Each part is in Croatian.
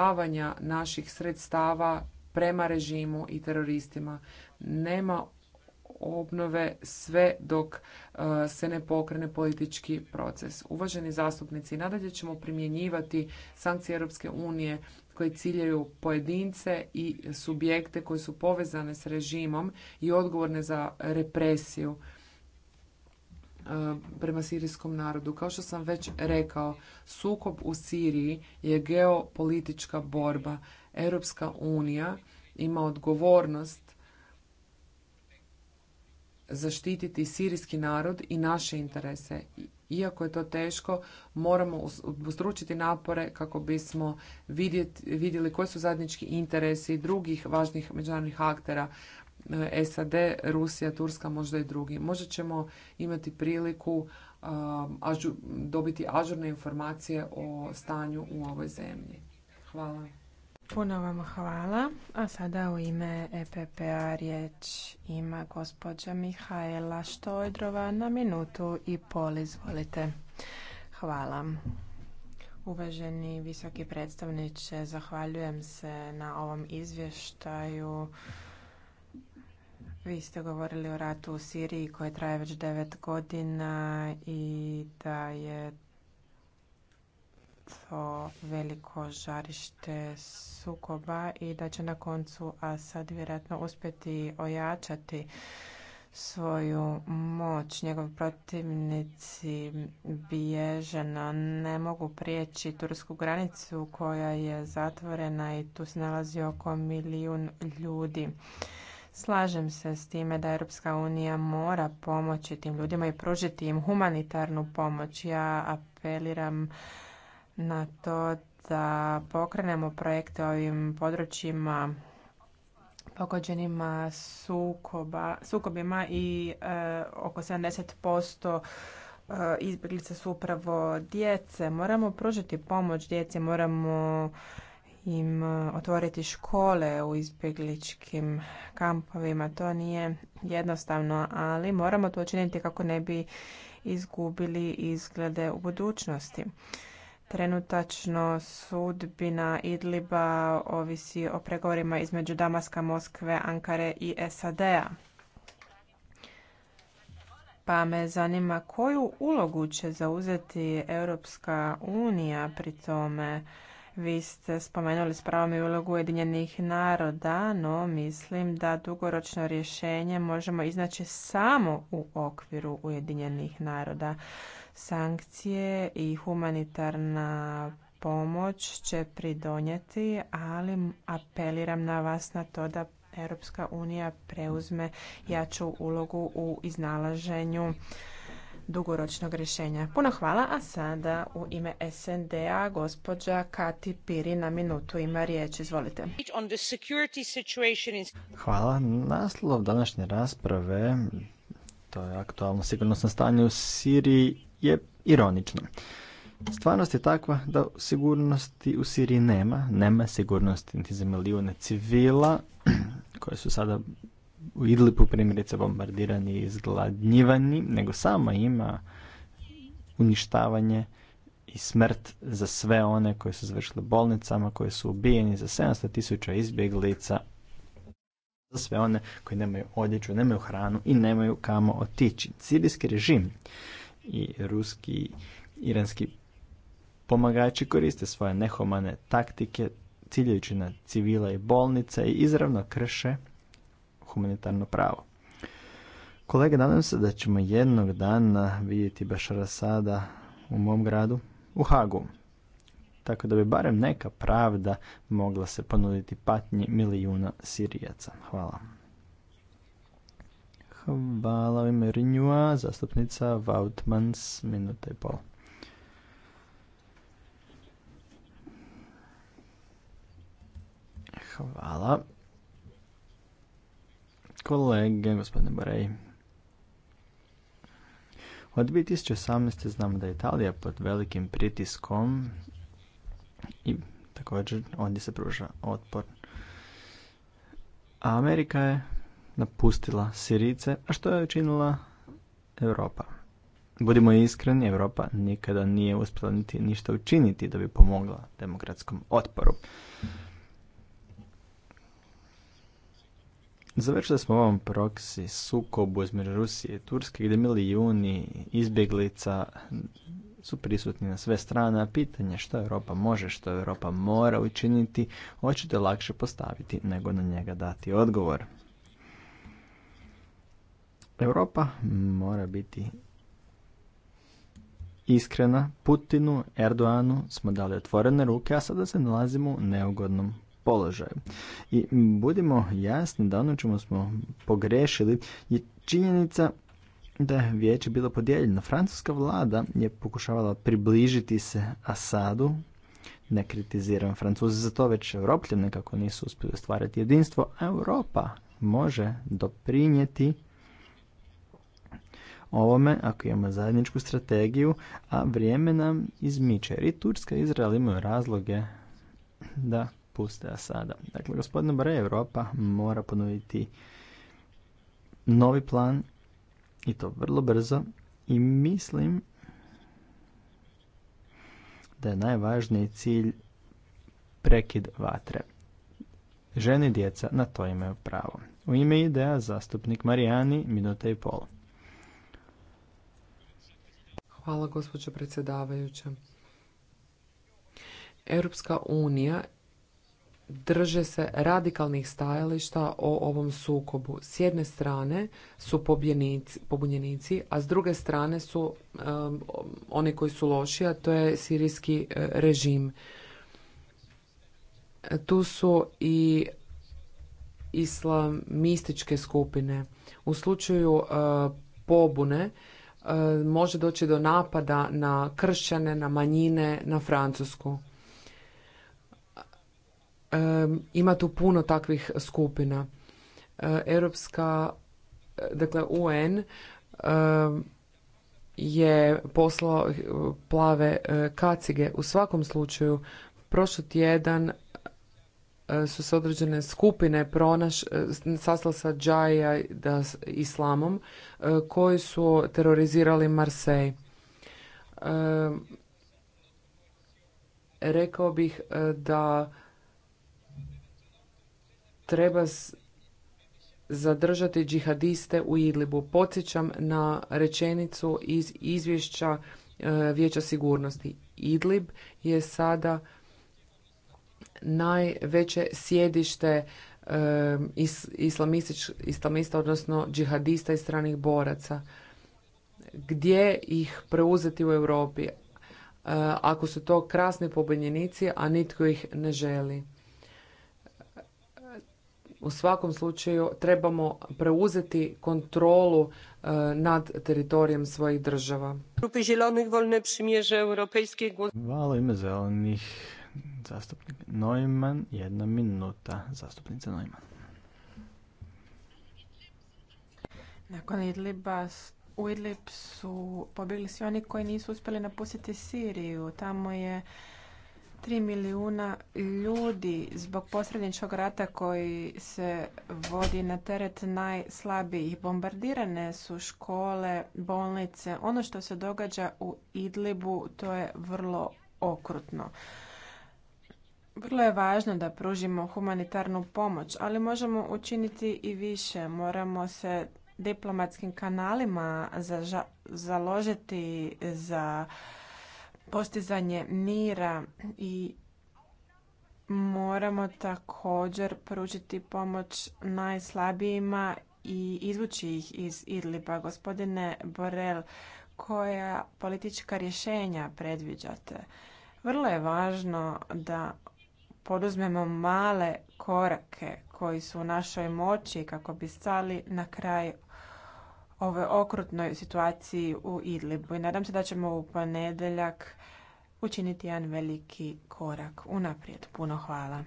davanja naših sredstava prema režimu i teroristima. Nema obnove sve dok e, se ne pokrene politički proces. Uvaženi zastupnici, nadalje ćemo primjenjivati sankcije Europske unije koje ciljaju pojedince i subjekte koji su povezane s režimom i odgovorne za represiju. E, prema sirijskom narodu. Kao što sam već rekao, sukob u Siriji je geopolitička borba. Europska unija ima odgovornost zaštititi sirijski narod i naše interese. Iako je to teško, moramo ustručiti napore kako bismo vidjeli koji su zajednički interesi drugih važnih međunarodnih aktera E, SAD, Rusija, Turska, možda i drugi. Možda ćemo imati priliku um, dobiti ažurne informacije o stanju u ovoj zemlji. Hvala. Puno vam hvala. A sada u ime EPPA riječ ima gospođa Mihajla Štojdrova na minutu i pol. Izvolite. Hvala. Uvaženi visoki predstavniče, zahvaljujem se na ovom izvještaju vi ste govorili o ratu u Siriji koji traje već devet godina i da je to veliko žarište sukoba i da će na koncu Asad vjerojatno uspjeti ojačati svoju moć. Njegovi protivnici bježe, ne mogu prijeći tursku granicu koja je zatvorena i tu se nalazi oko milijun ljudi. Slažem se s time da Europska unija mora pomoći tim ljudima i pružiti im humanitarnu pomoć. Ja apeliram na to da pokrenemo projekte ovim područjima pogođenima sukoba, sukobima i e, oko oko 70% e, izbjeglica su upravo djece. Moramo pružiti pomoć djeci, moramo im e, otvoriti škole u izbjegličkim kampovima. To nije jednostavno, ali moramo to učiniti kako ne bi izgubili izglede u budućnosti. Trenutačno sudbina Idliba ovisi o pregovorima između Damaska, Moskve, Ankare i SAD-a. Pa me zanima koju ulogu će zauzeti Europska unija pri tome vi ste spomenuli s pravom i ulogu Ujedinjenih naroda, no mislim da dugoročno rješenje možemo iznaći samo u okviru Ujedinjenih naroda. Sankcije i humanitarna pomoć će pridonijeti, ali apeliram na vas na to da Europska unija preuzme jaču ulogu u iznalaženju dugoročnog rješenja. Puno hvala, a sada u ime SND-a gospođa Kati Piri na minutu ima riječ. Izvolite. Hvala. Naslov današnje rasprave, to je aktualno sigurnosno stanje u Siriji, je ironično. Stvarnost je takva da sigurnosti u Siriji nema, nema sigurnosti niti za milijune civila koje su sada u Idlipu primjerice bombardirani i izgladnjivani, nego samo ima uništavanje i smrt za sve one koji su završili bolnicama, koje su ubijeni, za 700 tisuća izbjeglica, za sve one koji nemaju odjeću, nemaju hranu i nemaju kamo otići. Sirijski režim i ruski, iranski pomagači koriste svoje nehomane taktike, ciljajući na civila i bolnice i izravno krše humanitarno pravo. Kolege, nadam se da ćemo jednog dana vidjeti Bašara Sada u mom gradu, u Hagu. Tako da bi barem neka pravda mogla se ponuditi patnji milijuna Sirijaca. Hvala. Hvala zastupnica Vautmans, minuta i pol. Hvala kolege, gospodine Borej. Od 2018. znamo da je Italija pod velikim pritiskom i također ondje se pruža otpor. A Amerika je napustila Sirice, a što je učinila Europa? Budimo iskreni, Europa nikada nije uspjela niti ništa učiniti da bi pomogla demokratskom otporu. Završili smo ovom proksi sukobu između Rusije i Turske gdje milijuni izbjeglica su prisutni na sve strane, a pitanje što Europa može, što Europa mora učiniti, očito lakše postaviti nego na njega dati odgovor. Europa mora biti iskrena. Putinu, Erdoanu smo dali otvorene ruke, a sada se nalazimo u neugodnom položaju. I budimo jasni da ono čemu smo pogrešili je činjenica da je vijeće bilo podijeljeno. Francuska vlada je pokušavala približiti se Asadu, ne kritiziram Francuze za to, već europljani kako nisu uspjeli stvarati jedinstvo. Europa može doprinijeti ovome ako imamo zajedničku strategiju, a vrijeme nam izmiče. I Turska i Izrael imaju razloge da a sada. Dakle, gospodine Bre, Europa mora ponuditi novi plan i to vrlo brzo i mislim da je najvažniji cilj prekid vatre. Žene i djeca na to imaju pravo. U ime ideja zastupnik Marijani, minuta i pol. Hvala gospođo predsjedavajuća. Europska unija drže se radikalnih stajališta o ovom sukobu. S jedne strane su pobunjenici, a s druge strane su oni koji su loši, a to je sirijski e, režim. Tu su i islamističke skupine. U slučaju e, pobune e, može doći do napada na kršćane, na manjine, na Francusku ima tu puno takvih skupina. Europska, dakle UN je poslao plave kacige. U svakom slučaju, prošli tjedan su se određene skupine pronaš, sasla sa džaja islamom koji su terorizirali Marsej. Rekao bih da treba zadržati džihadiste u Idlibu. Podsjećam na rečenicu iz izvješća e, Vijeća sigurnosti. Idlib je sada najveće sjedište e, islamista, odnosno džihadista i stranih boraca. Gdje ih preuzeti u Europi? E, ako su to krasni pobunjenici, a nitko ih ne želi u svakom slučaju trebamo preuzeti kontrolu e, nad teritorijem svojih država. Grupi Zielonych, Wolne Przymierze, Europejskie... Hvala ime zelenih, zastupnik Neumann, jedna minuta, zastupnica Neumann. Nakon Idliba u Idlib su pobjegli svi oni koji nisu uspjeli napustiti Siriju. Tamo je 3 milijuna ljudi zbog posredničkog rata koji se vodi na teret najslabijih. Bombardirane su škole, bolnice. Ono što se događa u Idlibu to je vrlo okrutno. Vrlo je važno da pružimo humanitarnu pomoć, ali možemo učiniti i više. Moramo se diplomatskim kanalima založiti za postizanje mira i moramo također pružiti pomoć najslabijima i izvući ih iz Idliba. Gospodine Borel, koja politička rješenja predviđate? Vrlo je važno da poduzmemo male korake koji su u našoj moći kako bi stali na kraj ovoj okrutnoj situaciji u Idlibu i nadam se da ćemo u ponedeljak učiniti jedan veliki korak unaprijed. Puno hvala.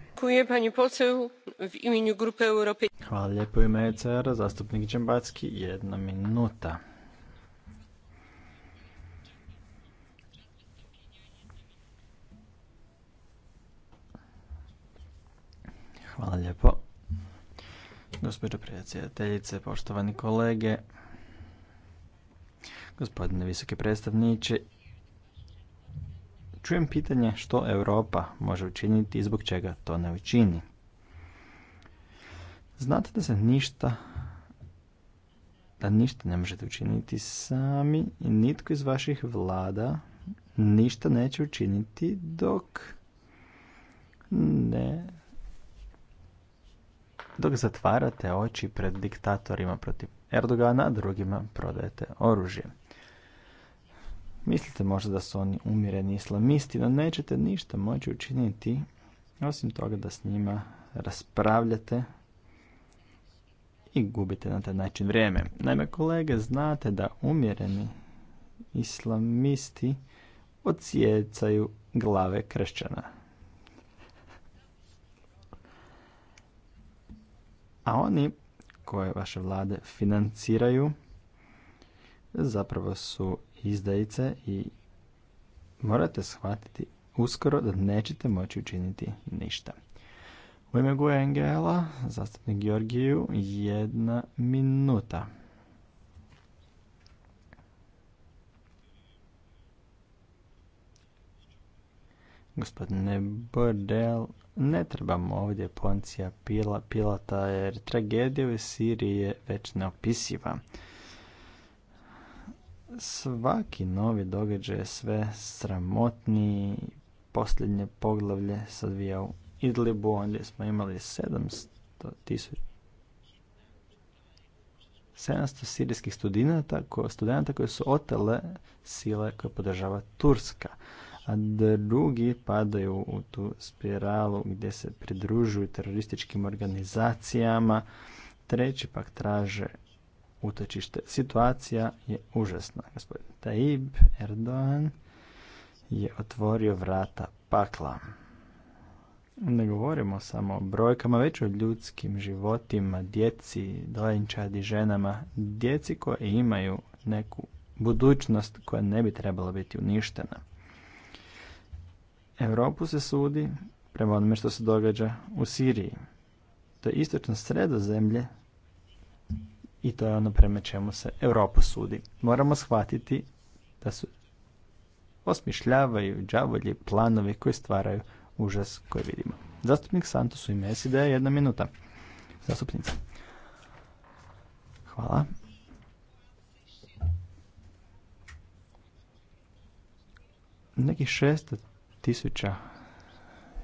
Hvala lijepo u ime ECR, zastupnik Džembacki, jedna minuta. Hvala lijepo. Gospođo predsjedateljice, poštovani kolege, Gospodine visoki predstavniče, čujem pitanje što Europa može učiniti i zbog čega to ne učini. Znate da se ništa da ništa ne možete učiniti sami i nitko iz vaših vlada ništa neće učiniti dok ne dok zatvarate oči pred diktatorima protiv Erdogana, drugima prodajete oružje. Mislite možda da su oni umjereni islamisti, no nećete ništa moći učiniti osim toga da s njima raspravljate i gubite na taj način vrijeme. Naime, kolege, znate da umjereni islamisti odsjecaju glave kršćana. A oni koje vaše vlade financiraju zapravo su izdajice i morate shvatiti uskoro da nećete moći učiniti ništa. U ime Guje Engela, zastupnik Georgiju, jedna minuta. Gospodine Bordel, ne trebamo ovdje Poncija Pilata jer tragedija u Siriji je već neopisiva svaki novi događaj je sve sramotniji. Posljednje poglavlje se odvija u Idlibu, ondje smo imali 700 tisuća 700 sirijskih studenta, ko, studenta koji su otele sile koje podržava Turska. A drugi padaju u tu spiralu gdje se pridružuju terorističkim organizacijama. Treći pak traže utočište. Situacija je užasna. Gospodin Taib Erdogan je otvorio vrata pakla. Ne govorimo samo o brojkama, već o ljudskim životima, djeci, dojenčadi, ženama, djeci koje imaju neku budućnost koja ne bi trebala biti uništena. Europu se sudi prema onome što se događa u Siriji. To je istočno zemlje. I to je ono prema čemu se Europa sudi. Moramo shvatiti da su osmišljavaju džavolje planovi koji stvaraju užas koji vidimo. Zastupnik Santos u ime SID jedna minuta. Zastupnica. Hvala. Nekih šest tisuća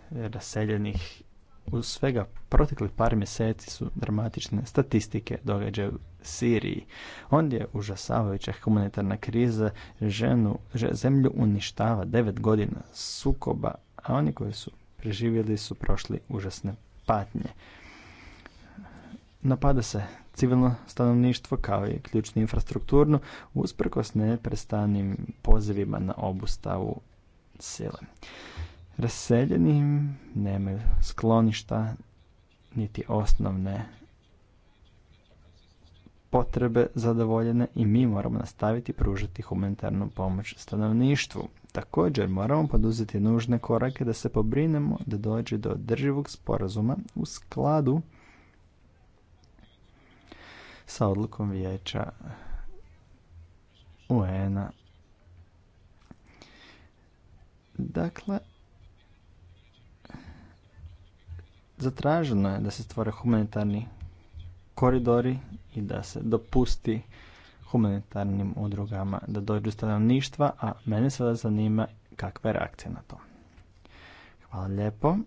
raseljenih u svega proteklih par mjeseci su dramatične statistike događaju u Siriji. Ondje je užasavajuća humanitarna kriza ženu, zemlju uništava devet godina sukoba, a oni koji su preživjeli su prošli užasne patnje. Napada se civilno stanovništvo kao i ključnu infrastrukturnu usprkos neprestanim pozivima na obustavu sile raseljeni, nemaju skloništa, niti osnovne potrebe zadovoljene i mi moramo nastaviti pružati humanitarnu pomoć stanovništvu. Također moramo poduzeti nužne korake da se pobrinemo da dođe do održivog sporazuma u skladu sa odlukom vijeća UN-a. Dakle, Zatraženo je da se stvore humanitarni koridori i da se dopusti humanitarnim udrugama da dođu stanovništva, a mene sada zanima kakva je reakcija na to. Hvala lijepo.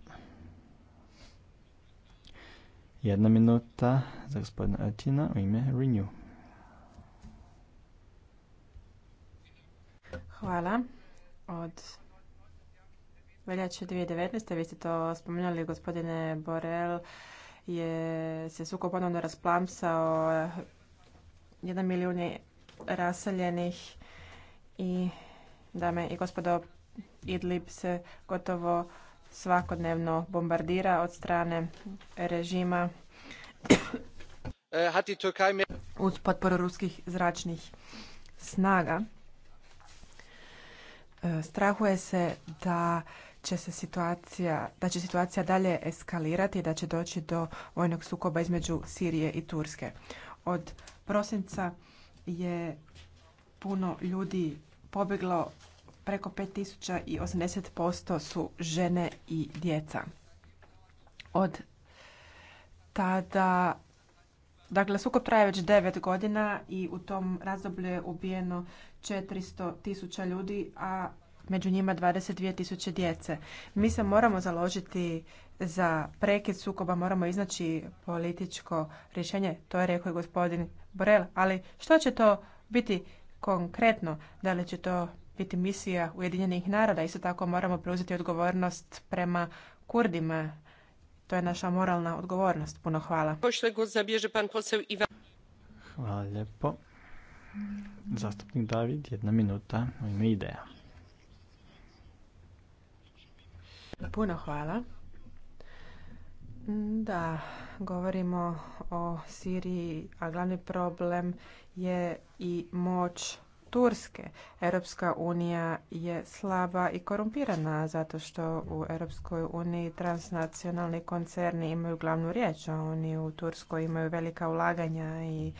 Jedna minuta za gospodina u ime Renew. Hvala. Od veljače 2019. Vi ste to spominjali, gospodine Borel, je se suko ponovno rasplamsao jedan milijun raseljenih i dame i gospodo Idlib se gotovo svakodnevno bombardira od strane režima eh, uz potporu ruskih zračnih snaga. Eh, strahuje se da će se situacija, da će situacija dalje eskalirati i da će doći do vojnog sukoba između Sirije i Turske. Od prosinca je puno ljudi pobjeglo preko 5000 i 80% su žene i djeca. Od tada Dakle, sukob traje već 9 godina i u tom razdoblju je ubijeno 400 tisuća ljudi, a među njima 22.000 tisuće djece. Mi se moramo založiti za prekid sukoba, moramo iznaći političko rješenje, to je rekao i gospodin Borel, ali što će to biti konkretno? Da li će to biti misija Ujedinjenih naroda? Isto tako moramo preuzeti odgovornost prema Kurdima. To je naša moralna odgovornost. Puno hvala. Hvala lijepo. Zastupnik David, jedna minuta u ime ideja. Puno hvala. Da, govorimo o Siriji, a glavni problem je i moć Turske. Europska unija je slaba i korumpirana zato što u Europskoj uniji transnacionalni koncerni imaju glavnu riječ, a oni u Turskoj imaju velika ulaganja i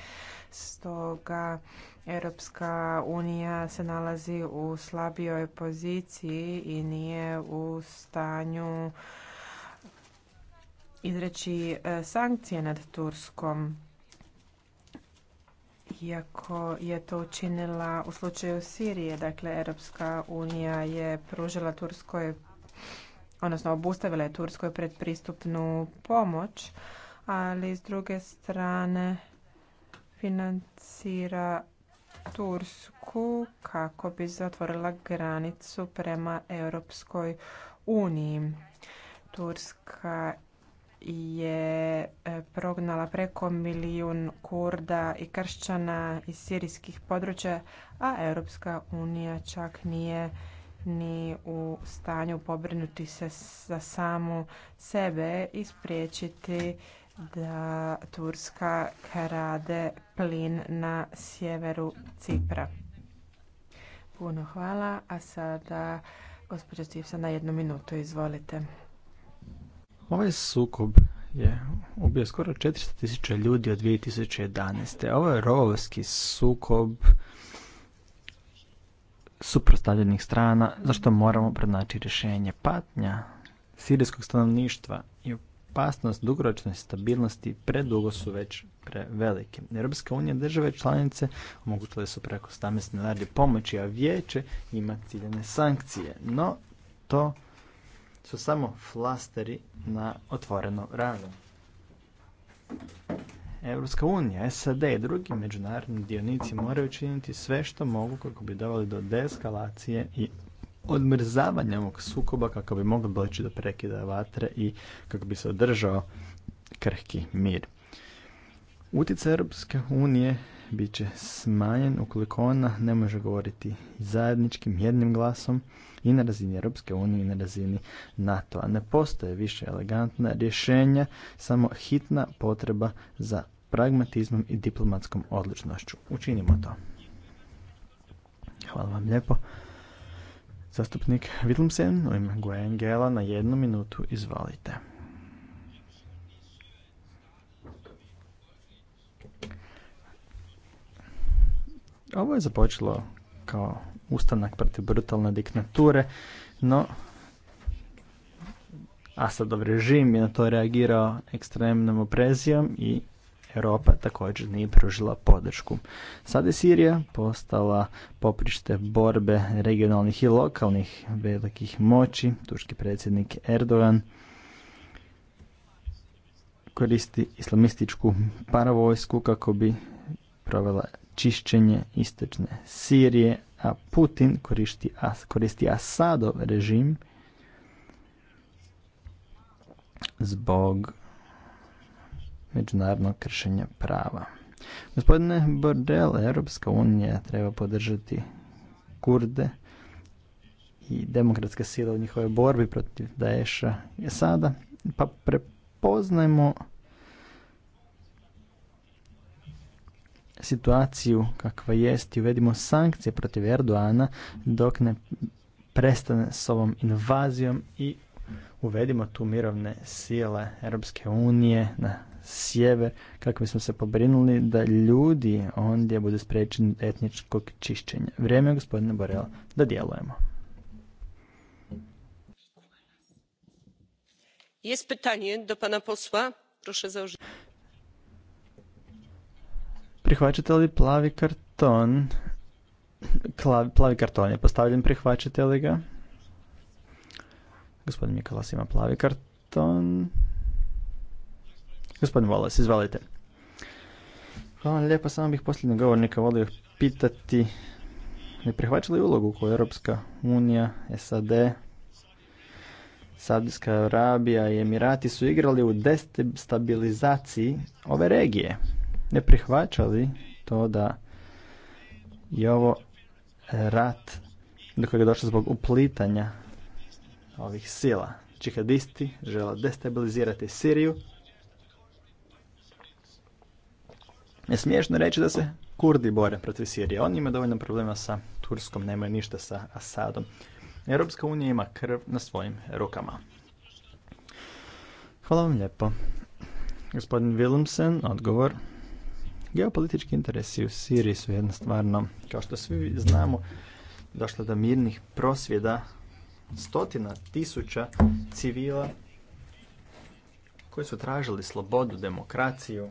stoga Europska unija se nalazi u slabijoj poziciji i nije u stanju izreći e, sankcije nad Turskom. Iako je to učinila u slučaju Sirije, dakle Europska unija je pružila Turskoj, odnosno obustavila je Turskoj predpristupnu pomoć, ali s druge strane financira Tursku kako bi zatvorila granicu prema Europskoj uniji. Turska je e, prognala preko milijun kurda i kršćana iz sirijskih područja, a Europska unija čak nije ni u stanju pobrinuti se za samu sebe i spriječiti da Turska krade plin na sjeveru Cipra. Puno hvala, a sada gospođa Stivsa na jednu minutu, izvolite. Ovaj sukob je ubio skoro 400 tisuća ljudi od 2011. Ovo je rovovski sukob suprostavljenih strana, zašto moramo pronaći rješenje patnja sirijskog stanovništva i opasnost dugoročne stabilnosti predugo su već prevelike. Europska unija države članice omogućile su preko 18 milijardi pomoći, a vijeće ima ciljene sankcije. No, to su samo flasteri na otvoreno rano. Europska unija, SAD i drugi međunarodni dionici moraju činiti sve što mogu kako bi dovali do deeskalacije i odmrzavanja ovog sukoba kako bi moglo doći do prekida vatre i kako bi se održao krhki mir. Utjecaj Europske unije bit će smanjen ukoliko ona ne može govoriti zajedničkim jednim glasom i na razini Europske unije i na razini NATO-a. Ne postoje više elegantna rješenja, samo hitna potreba za pragmatizmom i diplomatskom odličnošću. Učinimo to. Hvala vam lijepo. Zastupnik Willemsen u ime Guengela na jednu minutu, izvalite. Ovo je započelo kao ustanak protiv brutalne diktature, no Asadov režim je na to reagirao ekstremnom oprezijom i Europa također nije pružila podršku. Sada je Sirija postala poprište borbe regionalnih i lokalnih velikih moći. Turski predsjednik Erdogan koristi islamističku paravojsku kako bi provela čišćenje istočne Sirije, a Putin koristi, koristi Asadov režim zbog međunarodnog kršenja prava. Gospodine Bordel, Europska unija treba podržati kurde i demokratske sile u njihovoj borbi protiv Daesha i sada, pa prepoznajmo situaciju kakva jest i uvedimo sankcije protiv Erdoana dok ne prestane s ovom invazijom i uvedimo tu mirovne sile Europske unije na sjever kako bismo se pobrinuli da ljudi ondje budu sprečeni etničkog čišćenja. Vrijeme je gospodine Borela, da djelujemo. Jest pitanje do pana proše Proszę Prihvaćate li plavi karton? plavi karton je postavljen, prihvaćate li ga? Gospodin Mikolas ima plavi karton. Gospodin Volas, izvalite. Hvala vam lijepo. samo bih posljednog govornika volio pitati ne prihvaćali ulogu koju Europska unija, SAD, Saudijska Arabija i Emirati su igrali u destabilizaciji ove regije. Ne prihvaćali to da je ovo rat do kojeg je došlo zbog uplitanja ovih sila. Čihadisti žele destabilizirati Siriju, je smiješno reći da se Kurdi bore protiv Sirije. Oni imaju dovoljno problema sa Turskom, nemaju ništa sa Asadom. Europska unija ima krv na svojim rukama. Hvala vam lijepo. Gospodin Willemsen, odgovor. Geopolitički interesi u Siriji su jedna stvarno, kao što svi znamo, došlo do mirnih prosvjeda stotina tisuća civila koji su tražili slobodu, demokraciju,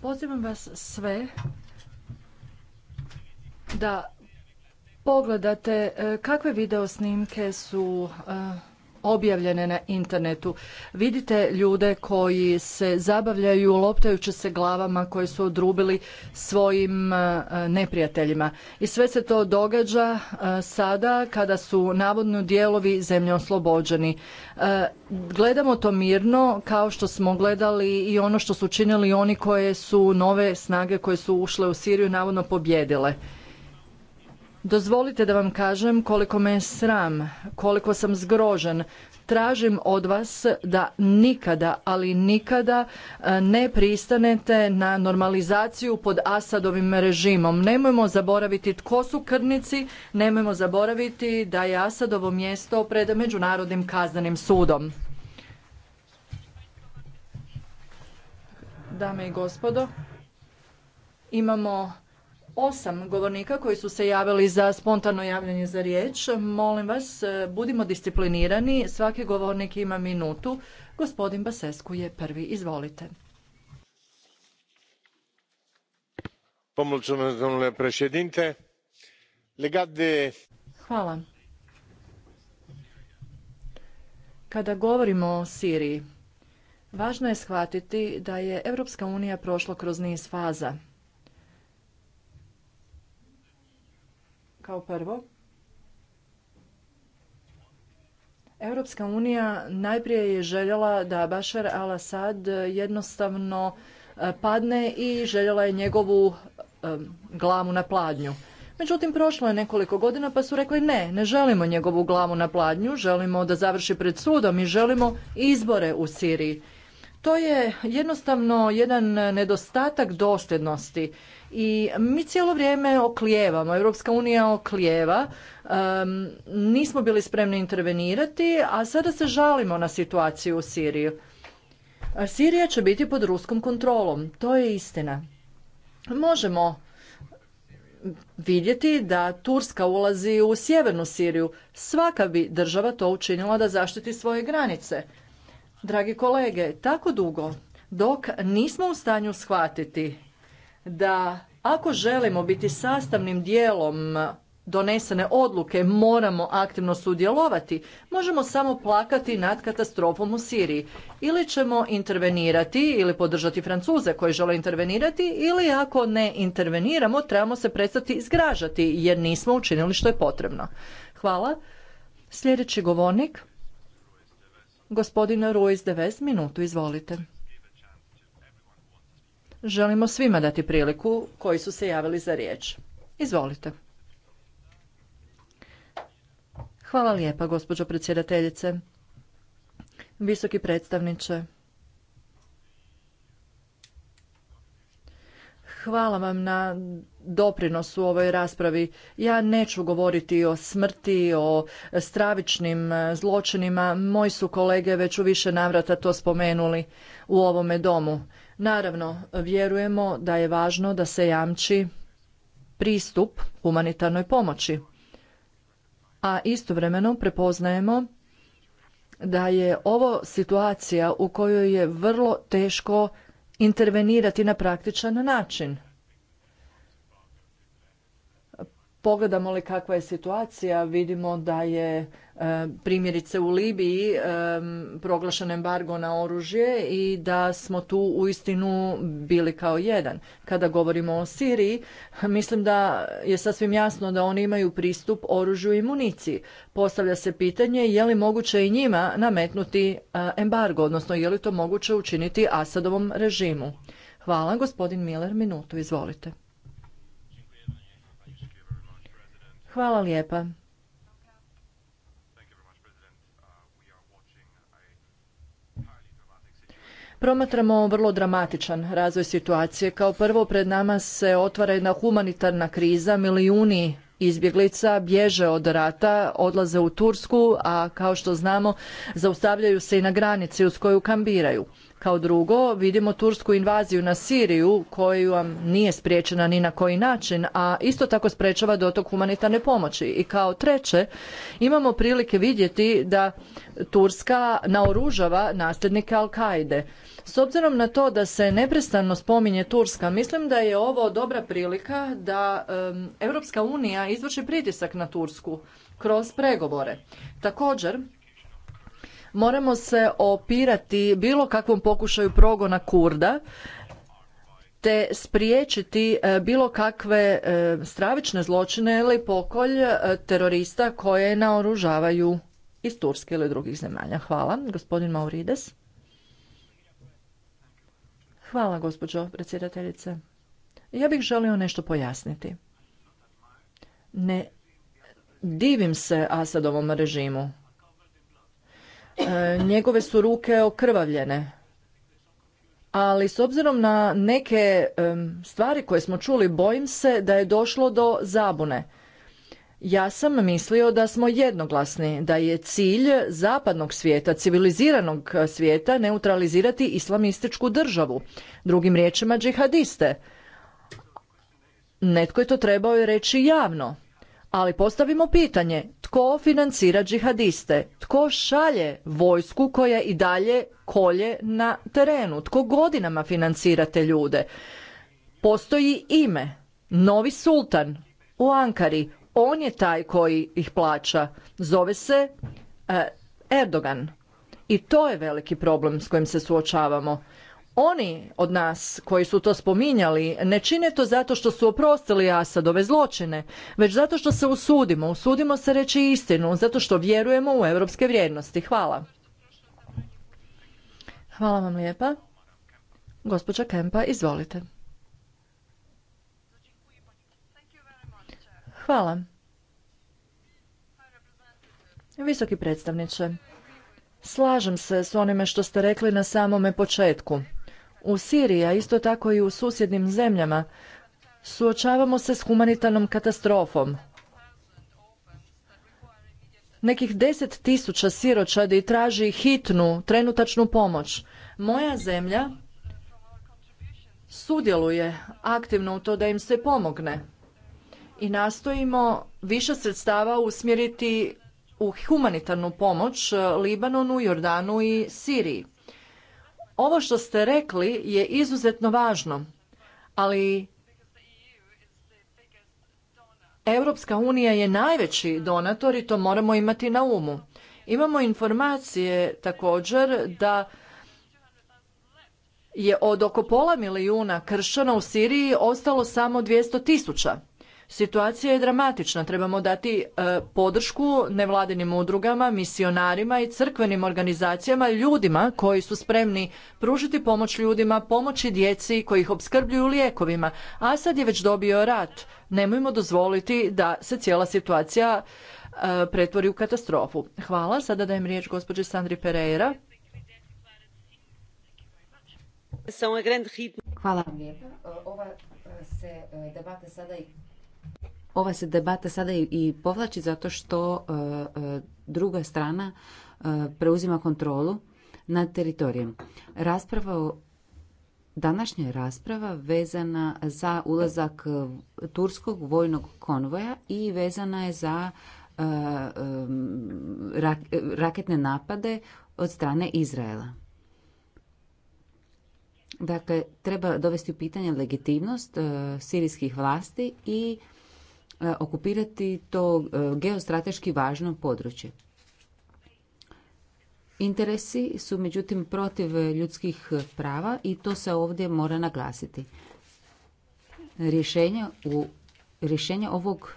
Pozivam vas sve da pogledate e, kakve video snimke su e, objavljene na internetu. Vidite ljude koji se zabavljaju loptajući se glavama koje su odrubili svojim e, neprijateljima. I sve se to događa e, sada kada su navodno dijelovi zemlje oslobođeni. E, gledamo to mirno kao što smo gledali i ono što su činili oni koje su nove snage koje su ušle u Siriju navodno pobjedile. Dozvolite da vam kažem koliko me je sram, koliko sam zgrožen. Tražim od vas da nikada, ali nikada e, ne pristanete na normalizaciju pod Asadovim režimom. Nemojmo zaboraviti tko su krnici, nemojmo zaboraviti da je Asadovo mjesto pred Međunarodnim kaznenim sudom. Dame i gospodo, imamo osam govornika koji su se javili za spontano javljanje za riječ. Molim vas, e, budimo disciplinirani. Svaki govornik ima minutu. Gospodin Basesku je prvi. Izvolite. Hvala. Kada govorimo o Siriji, važno je shvatiti da je Europska unija prošla kroz niz faza. Kao prvo, Europska unija najprije je željela da Bashar al-Assad jednostavno e, padne i željela je njegovu e, glavu na pladnju. Međutim, prošlo je nekoliko godina pa su rekli ne, ne želimo njegovu glavu na pladnju, želimo da završi pred sudom i želimo izbore u Siriji. To je jednostavno jedan nedostatak dosljednosti i mi cijelo vrijeme oklijevamo, Europska unija oklijeva, nismo bili spremni intervenirati, a sada se žalimo na situaciju u Siriji. Sirija će biti pod ruskom kontrolom, to je istina. Možemo vidjeti da Turska ulazi u sjevernu Siriju. Svaka bi država to učinila da zaštiti svoje granice. Dragi kolege, tako dugo dok nismo u stanju shvatiti da ako želimo biti sastavnim dijelom donesene odluke moramo aktivno sudjelovati, možemo samo plakati nad katastrofom u Siriji. Ili ćemo intervenirati ili podržati Francuze koji žele intervenirati ili ako ne interveniramo trebamo se prestati izgražati jer nismo učinili što je potrebno. Hvala. Sljedeći govornik. Gospodina Ruiz vez minutu, izvolite. Želimo svima dati priliku koji su se javili za riječ. Izvolite. Hvala lijepa, gospođo predsjedateljice. Visoki predstavniče, Hvala vam na doprinos u ovoj raspravi. Ja neću govoriti o smrti, o stravičnim e, zločinima. Moji su kolege već u više navrata to spomenuli u ovome domu. Naravno, vjerujemo da je važno da se jamči pristup humanitarnoj pomoći. A istovremeno prepoznajemo da je ovo situacija u kojoj je vrlo teško intervenirati na praktičan način. Pogledamo li kakva je situacija, vidimo da je E, primjerice u Libiji e, proglašen embargo na oružje i da smo tu uistinu bili kao jedan. Kada govorimo o Siriji, mislim da je sasvim jasno da oni imaju pristup oružju i municiji. Postavlja se pitanje je li moguće i njima nametnuti e, embargo, odnosno je li to moguće učiniti Asadovom režimu. Hvala, gospodin Miller, minutu, izvolite. Hvala lijepa, Promatramo vrlo dramatičan razvoj situacije. Kao prvo pred nama se otvara jedna humanitarna kriza, milijuni izbjeglica bježe od rata, odlaze u Tursku, a kao što znamo zaustavljaju se i na granici uz koju kambiraju. Kao drugo, vidimo tursku invaziju na Siriju koju vam nije spriječena ni na koji način, a isto tako sprečava dotok humanitarne pomoći. I kao treće, imamo prilike vidjeti da Turska naoružava nasljednike Al-Kaide. S obzirom na to da se neprestano spominje Turska, mislim da je ovo dobra prilika da EU Europska unija izvrši pritisak na Tursku kroz pregovore. Također, Moramo se opirati bilo kakvom pokušaju progona Kurda te spriječiti e, bilo kakve e, stravične zločine ili pokolj e, terorista koje naoružavaju iz Turske ili drugih zemalja. Hvala. Gospodin Maurides. Hvala, gospođo predsjedateljice. Ja bih želio nešto pojasniti. Ne divim se Asadovom režimu. E, njegove su ruke okrvavljene. Ali s obzirom na neke stvari koje smo čuli, bojim se da je došlo do zabune. Ja sam mislio da smo jednoglasni, da je cilj zapadnog svijeta, civiliziranog svijeta neutralizirati islamističku državu, drugim riječima džihadiste. Netko je to trebao reći javno. Ali postavimo pitanje, tko financira džihadiste? Tko šalje vojsku koja i dalje kolje na terenu? Tko godinama financira te ljude? Postoji ime, novi sultan u Ankari. On je taj koji ih plaća. Zove se eh, Erdogan. I to je veliki problem s kojim se suočavamo. Oni od nas koji su to spominjali ne čine to zato što su oprostili Asadove zločine, već zato što se usudimo, usudimo se reći istinu, zato što vjerujemo u europske vrijednosti. Hvala. Hvala vam lijepa. Gospođa Kempa, izvolite. Hvala. Visoki predstavniče, slažem se s onime što ste rekli na samome početku. U Siriji, a isto tako i u susjednim zemljama, suočavamo se s humanitarnom katastrofom. Nekih deset tisuća siročadi traži hitnu, trenutačnu pomoć. Moja zemlja sudjeluje aktivno u to da im se pomogne i nastojimo više sredstava usmjeriti u humanitarnu pomoć Libanonu, Jordanu i Siriji. Ovo što ste rekli je izuzetno važno, ali Europska unija je najveći donator i to moramo imati na umu. Imamo informacije također da je od oko pola milijuna kršćana u Siriji ostalo samo 200 tisuća. Situacija je dramatična, trebamo dati e, podršku nevladinim udrugama, misionarima i crkvenim organizacijama, ljudima koji su spremni pružiti pomoć ljudima, pomoći djeci koji ih obskrbljuju lijekovima. sad je već dobio rat, nemojmo dozvoliti da se cijela situacija e, pretvori u katastrofu. Hvala, sada dajem riječ gospođi Sandri Pereira. Hvala vam Ova e, se debata sada ova se debata sada i povlači zato što e, e, druga strana e, preuzima kontrolu nad teritorijem. Rasprava Današnja rasprava vezana za ulazak turskog vojnog konvoja i vezana je za raketne napade od strane Izraela. Dakle, treba dovesti u pitanje legitimnost sirijskih vlasti i E, okupirati to e, geostrateški važno područje. Interesi su međutim protiv ljudskih prava i to se ovdje mora naglasiti. Rješenje u rješenje ovog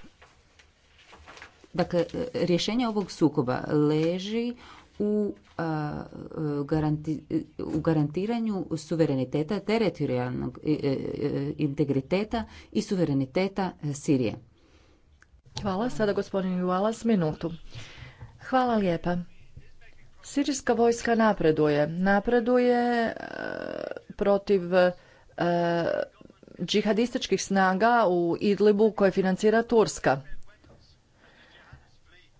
dakle rješenje ovog sukoba leži u, e, u garantiranju suvereniteta teritorijalnog integriteta i suvereniteta Sirije. Hvala. Sada gospodin Juvalas minutu. Hvala lijepa. Sirijska vojska napreduje. Napreduje e, protiv e, džihadističkih snaga u Idlibu koje financira Turska.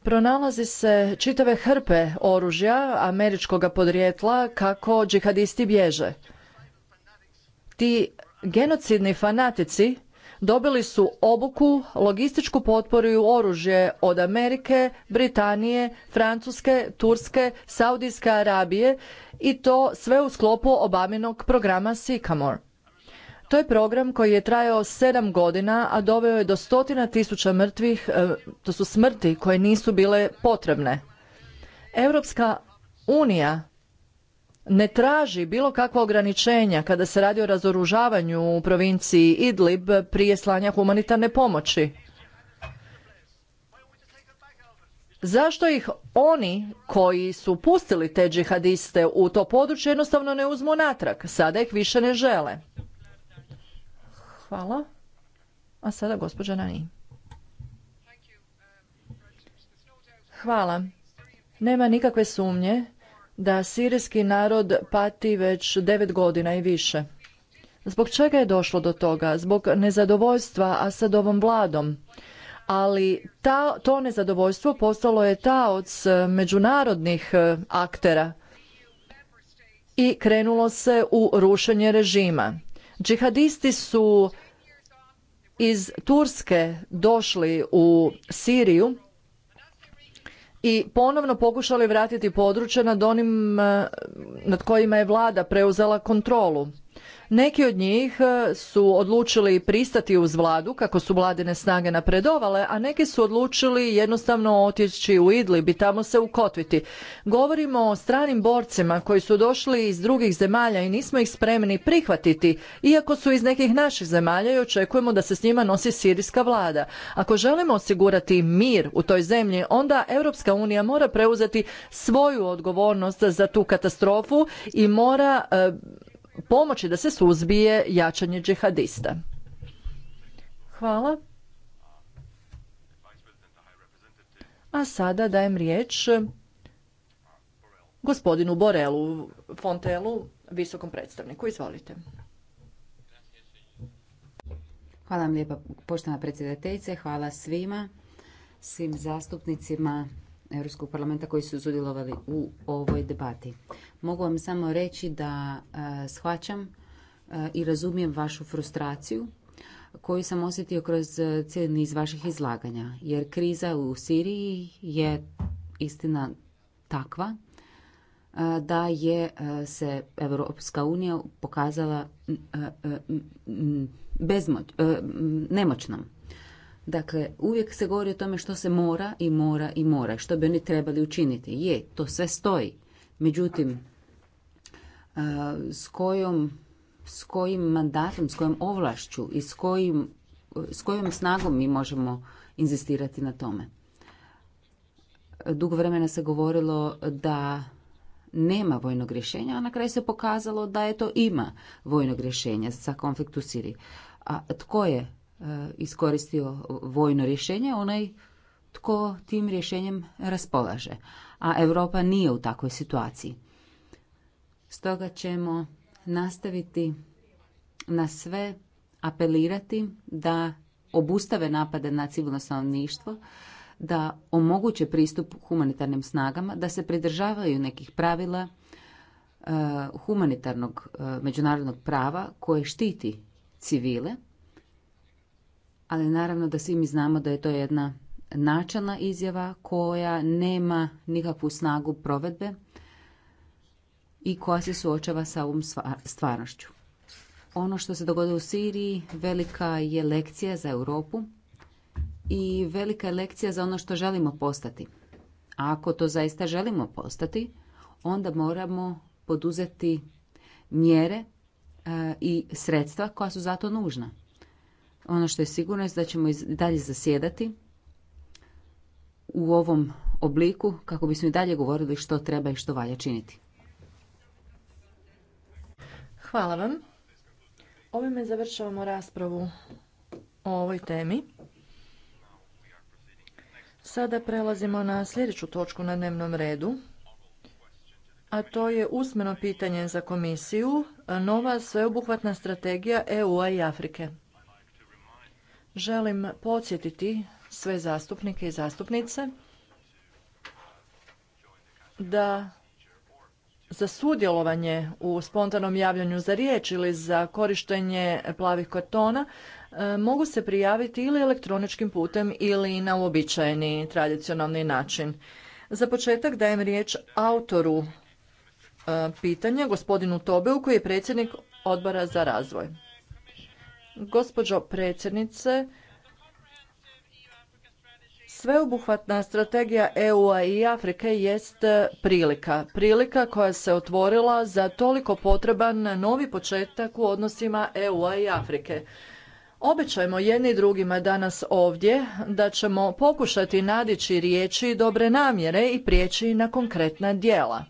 Pronalazi se čitave hrpe oružja američkog podrijetla kako džihadisti bježe. Ti genocidni fanatici dobili su obuku, logističku potporu i oružje od Amerike, Britanije, Francuske, Turske, Saudijske Arabije i to sve u sklopu Obaminog programa Sycamore. To je program koji je trajao sedam godina, a doveo je do stotina tisuća mrtvih, e, to su smrti koje nisu bile potrebne. Europska unija ne traži bilo kakva ograničenja kada se radi o razoružavanju u provinciji Idlib prije slanja humanitarne pomoći. Zašto ih oni koji su pustili te džihadiste u to područje jednostavno ne uzmu natrag? Sada ih više ne žele. Hvala. A sada gospođa Nani. Hvala. Nema nikakve sumnje da sirijski narod pati već devet godina i više. Zbog čega je došlo do toga? Zbog nezadovoljstva Asadovom vladom. Ali ta, to nezadovoljstvo postalo je taoc e, međunarodnih e, aktera i krenulo se u rušenje režima. Džihadisti su iz Turske došli u Siriju i ponovno pokušali vratiti područja nad onim eh, nad kojima je vlada preuzela kontrolu neki od njih e, su odlučili pristati uz vladu kako su vladine snage napredovale, a neki su odlučili jednostavno otići u Idlib i tamo se ukotviti. Govorimo o stranim borcima koji su došli iz drugih zemalja i nismo ih spremni prihvatiti, iako su iz nekih naših zemalja i očekujemo da se s njima nosi sirijska vlada. Ako želimo osigurati mir u toj zemlji, onda Europska unija mora preuzeti svoju odgovornost za tu katastrofu i mora e, pomoći da se suzbije jačanje džihadista. Hvala. A sada dajem riječ gospodinu Borelu Fontelu, visokom predstavniku. Izvolite. Hvala vam lijepa, poštovana predsjedateljice. Hvala svima, svim zastupnicima Europskog parlamenta koji su sudjelovali u ovoj debati. Mogu vam samo reći da e, shvaćam e, i razumijem vašu frustraciju koju sam osjetio kroz cijeli niz vaših izlaganja, jer kriza u Siriji je istina takva e, da je se Europska unija pokazala bezmoć, nemoćnom. Dakle, uvijek se govori o tome što se mora i mora i mora, što bi oni trebali učiniti. Je, to sve stoji. Međutim, s, kojom, s kojim mandatom, s kojom ovlašću i s, kojim, s kojom snagom mi možemo inzistirati na tome. Dugo vremena se govorilo da nema vojnog rješenja, a na kraju se pokazalo da je to ima vojnog rješenja za konflikt u Siriji. A tko je Eh, iskoristio vojno rješenje onaj tko tim rješenjem raspolaže. A Europa nije u takvoj situaciji. Stoga ćemo nastaviti na sve apelirati da obustave napade na civilno stanovništvo, da omoguće pristup humanitarnim snagama, da se pridržavaju nekih pravila eh, humanitarnog eh, međunarodnog prava koje štiti civile ali naravno da svi mi znamo da je to jedna načelna izjava koja nema nikakvu snagu provedbe i koja se suočava sa ovom stvarnošću. Ono što se dogodilo u Siriji velika je lekcija za Europu i velika je lekcija za ono što želimo postati. A ako to zaista želimo postati, onda moramo poduzeti mjere e, i sredstva koja su za to nužna. Ono što je sigurno je da ćemo i dalje zasjedati u ovom obliku kako bismo i dalje govorili što treba i što valja činiti. Hvala vam. Ovime završavamo raspravu o ovoj temi. Sada prelazimo na sljedeću točku na dnevnom redu, a to je usmeno pitanje za komisiju, nova sveobuhvatna strategija EU-a i Afrike. Želim podsjetiti sve zastupnike i zastupnice da za sudjelovanje u spontanom javljanju za riječ ili za korištenje plavih kartona e, mogu se prijaviti ili elektroničkim putem ili na uobičajeni tradicionalni način. Za početak dajem riječ autoru e, pitanja, gospodinu Tobeu, koji je predsjednik odbora za razvoj. Gospođo predsjednice, Sveobuhvatna strategija EU-a i Afrike jest prilika. Prilika koja se otvorila za toliko potreban novi početak u odnosima EU-a i Afrike. Obećajmo jedni drugima danas ovdje da ćemo pokušati nadići riječi dobre namjere i prijeći na konkretna djela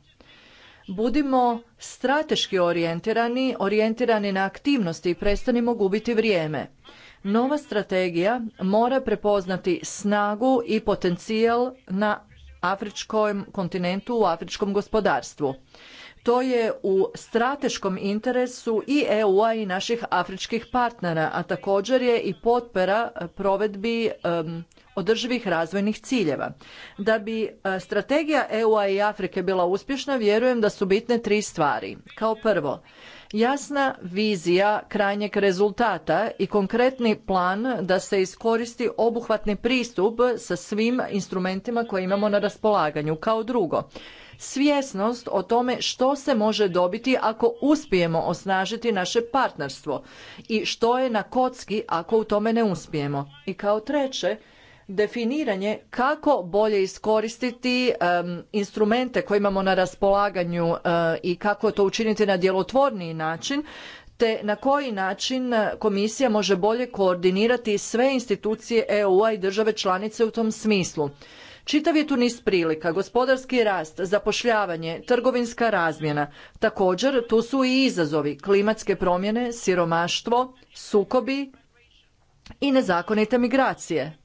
budimo strateški orijentirani, orijentirani na aktivnosti i prestanimo gubiti vrijeme. Nova strategija mora prepoznati snagu i potencijal na afričkom kontinentu u afričkom gospodarstvu. To je u strateškom interesu i EU-a i naših afričkih partnera, a također je i potpora provedbi održivih razvojnih ciljeva. Da bi e, strategija EU-a i Afrike bila uspješna, vjerujem da su bitne tri stvari. Kao prvo, jasna vizija krajnjeg rezultata i konkretni plan da se iskoristi obuhvatni pristup sa svim instrumentima koje imamo na raspolaganju. Kao drugo, svjesnost o tome što se može dobiti ako uspijemo osnažiti naše partnerstvo i što je na kocki ako u tome ne uspijemo. I kao treće, definiranje kako bolje iskoristiti instrumente koje imamo na raspolaganju e, i kako to učiniti na djelotvorniji način te na koji način komisija može bolje koordinirati sve institucije EU-a i države članice u tom smislu. Čitav je tu niz prilika, gospodarski rast, zapošljavanje, trgovinska razmjena. Također tu su i izazovi, klimatske promjene, siromaštvo, sukobi i nezakonite migracije.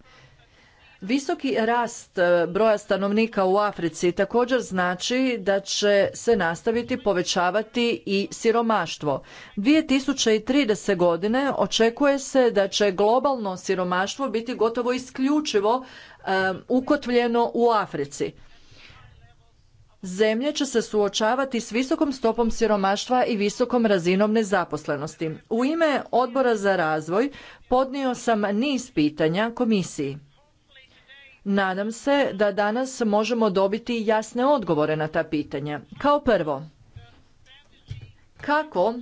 Visoki rast e, broja stanovnika u Africi također znači da će se nastaviti povećavati i siromaštvo. 2030. godine očekuje se da će globalno siromaštvo biti gotovo isključivo e, ukotvljeno u Africi. Zemlje će se suočavati s visokom stopom siromaštva i visokom razinom nezaposlenosti. U ime Odbora za razvoj podnio sam niz pitanja komisiji. Nadam se da danas možemo dobiti jasne odgovore na ta pitanja. Kao prvo, kako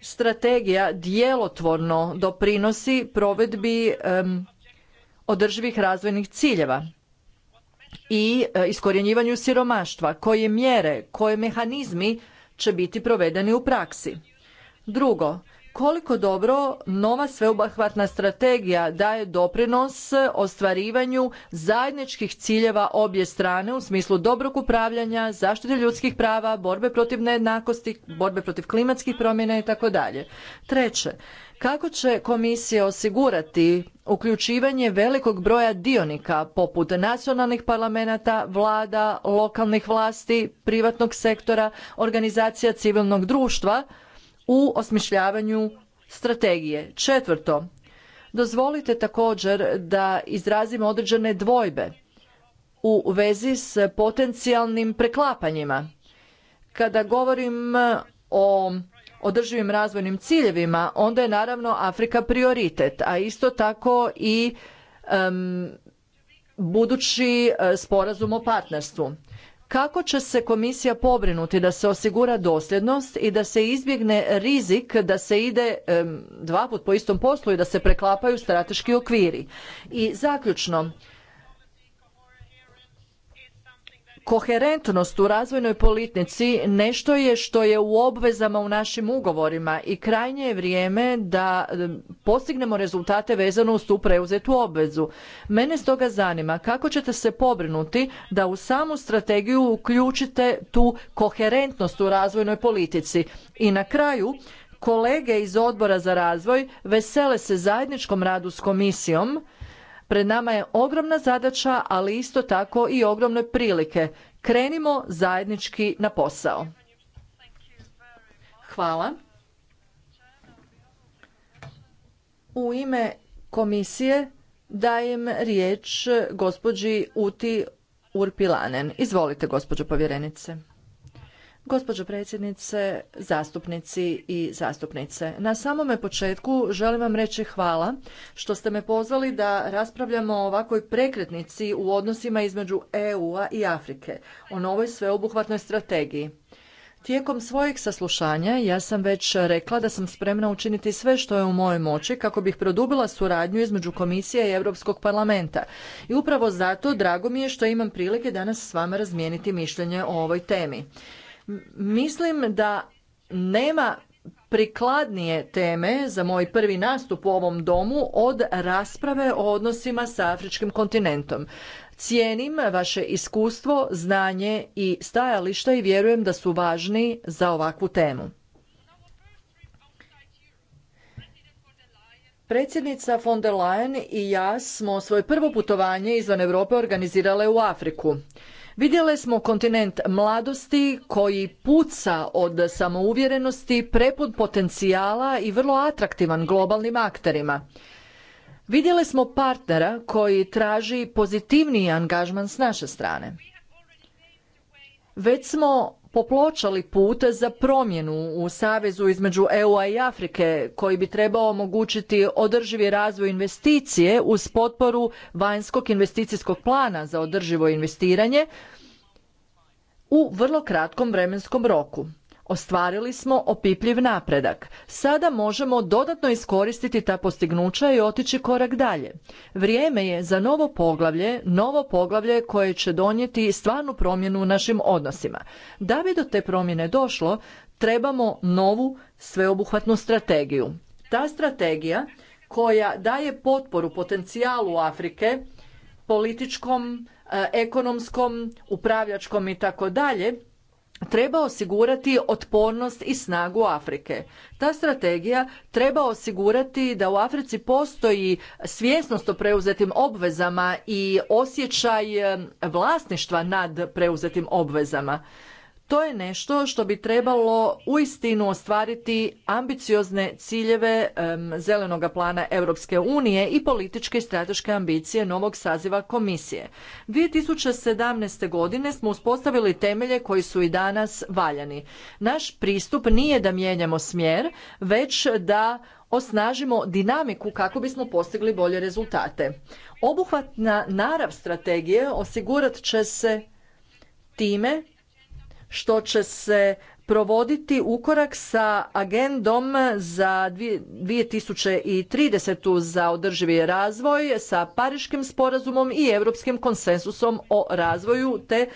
strategija djelotvorno doprinosi provedbi održivih razvojnih ciljeva i e, iskorjenjivanju siromaštva, koje mjere, koje mehanizmi će biti provedeni u praksi. Drugo, koliko dobro nova sveobuhvatna strategija daje doprinos ostvarivanju zajedničkih ciljeva obje strane u smislu dobrog upravljanja, zaštite ljudskih prava, borbe protiv nejednakosti, borbe protiv klimatskih promjena i tako dalje. Treće, kako će komisija osigurati uključivanje velikog broja dionika poput nacionalnih parlamenata, vlada, lokalnih vlasti, privatnog sektora, organizacija civilnog društva u osmišljavanju strategije. Četvrto, dozvolite također da izrazim određene dvojbe u vezi s potencijalnim preklapanjima. Kada govorim o održivim razvojnim ciljevima, onda je naravno Afrika prioritet, a isto tako i budući e, sporazum o partnerstvu. Kako će se komisija pobrinuti da se osigura dosljednost i da se izbjegne rizik da se ide dva put po istom poslu i da se preklapaju strateški okviri? I zaključno, koherentnost u razvojnoj politici nešto je što je u obvezama u našim ugovorima i krajnje je vrijeme da e, postignemo rezultate vezano uz tu preuzetu obvezu. Mene stoga zanima kako ćete se pobrinuti da u samu strategiju uključite tu koherentnost u razvojnoj politici. I na kraju kolege iz odbora za razvoj vesele se zajedničkom radu s komisijom Pred nama je ogromna zadaća, ali isto tako i ogromne prilike. Krenimo zajednički na posao. Hvala. U ime komisije dajem riječ gospođi Uti Urpilanen. Izvolite, gospođo povjerenice. Gospođo predsjednice, zastupnici i zastupnice, na samome početku želim vam reći hvala što ste me pozvali da raspravljamo o ovakvoj prekretnici u odnosima između EU-a i Afrike, o novoj sveobuhvatnoj strategiji. Tijekom svojeg saslušanja ja sam već rekla da sam spremna učiniti sve što je u mojoj moći kako bih produbila suradnju između Komisije i Europskog parlamenta. I upravo zato drago mi je što imam prilike danas s vama razmijeniti mišljenje o ovoj temi. Mislim da nema prikladnije teme za moj prvi nastup u ovom domu od rasprave o odnosima sa afričkim kontinentom. Cijenim vaše iskustvo, znanje i stajališta i vjerujem da su važni za ovakvu temu. Predsjednica von der Leyen i ja smo svoje prvo putovanje izvan Europe organizirale u Afriku. Vidjeli smo kontinent mladosti koji puca od samouvjerenosti prepun potencijala i vrlo atraktivan globalnim akterima. Vidjeli smo partnera koji traži pozitivniji angažman s naše strane. Već smo popločali put za promjenu u savezu između EU-a i Afrike koji bi trebao omogućiti održivi razvoj investicije uz potporu vanjskog investicijskog plana za održivo investiranje u vrlo kratkom vremenskom roku. Ostvarili smo opipljiv napredak. Sada možemo dodatno iskoristiti ta postignuća i otići korak dalje. Vrijeme je za novo poglavlje, novo poglavlje koje će donijeti stvarnu promjenu u našim odnosima. Da bi do te promjene došlo, trebamo novu sveobuhvatnu strategiju. Ta strategija koja daje potporu potencijalu Afrike, političkom, eh, ekonomskom, upravljačkom i tako dalje, treba osigurati otpornost i snagu Afrike. Ta strategija treba osigurati da u Africi postoji svjesnost o preuzetim obvezama i osjećaj vlasništva nad preuzetim obvezama. To je nešto što bi trebalo uistinu ostvariti ambiciozne ciljeve zelenoga plana Europske unije i političke i strateške ambicije novog saziva komisije. 2017. godine smo uspostavili temelje koji su i danas valjani. Naš pristup nije da mijenjamo smjer, već da osnažimo dinamiku kako bismo postigli bolje rezultate. Obuhvatna narav strategije osigurat će se time što će se provoditi ukorak sa agendom za 2030. za održivi razvoj, sa Pariškim sporazumom i Europskim konsensusom o razvoju te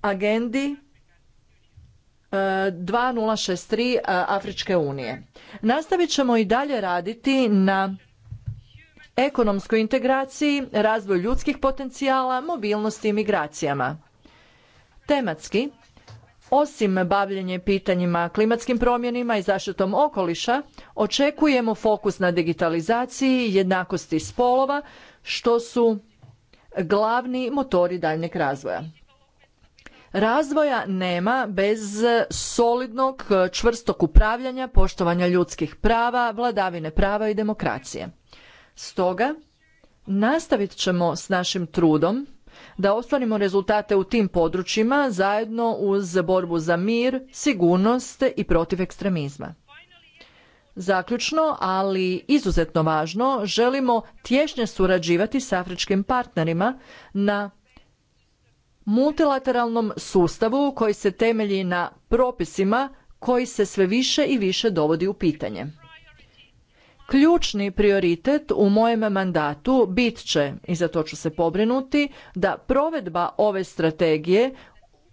agendi 2063 e, e, Afričke unije. Nastavit ćemo i dalje raditi na ekonomskoj integraciji, razvoju ljudskih potencijala, mobilnosti i migracijama. Tematski osim bavljenje pitanjima klimatskim promjenima i zaštitom okoliša, očekujemo fokus na digitalizaciji, jednakosti spolova, što su glavni motori daljnjeg razvoja. Razvoja nema bez solidnog, čvrstog upravljanja, poštovanja ljudskih prava, vladavine prava i demokracije. Stoga, nastavit ćemo s našim trudom da ostvarimo rezultate u tim područjima zajedno uz borbu za mir, sigurnost i protiv ekstremizma. Zaključno, ali izuzetno važno, želimo tješnje surađivati s afričkim partnerima na multilateralnom sustavu koji se temelji na propisima koji se sve više i više dovodi u pitanje. Ključni prioritet u mojem mandatu bit će, i za to ću se pobrinuti, da provedba ove strategije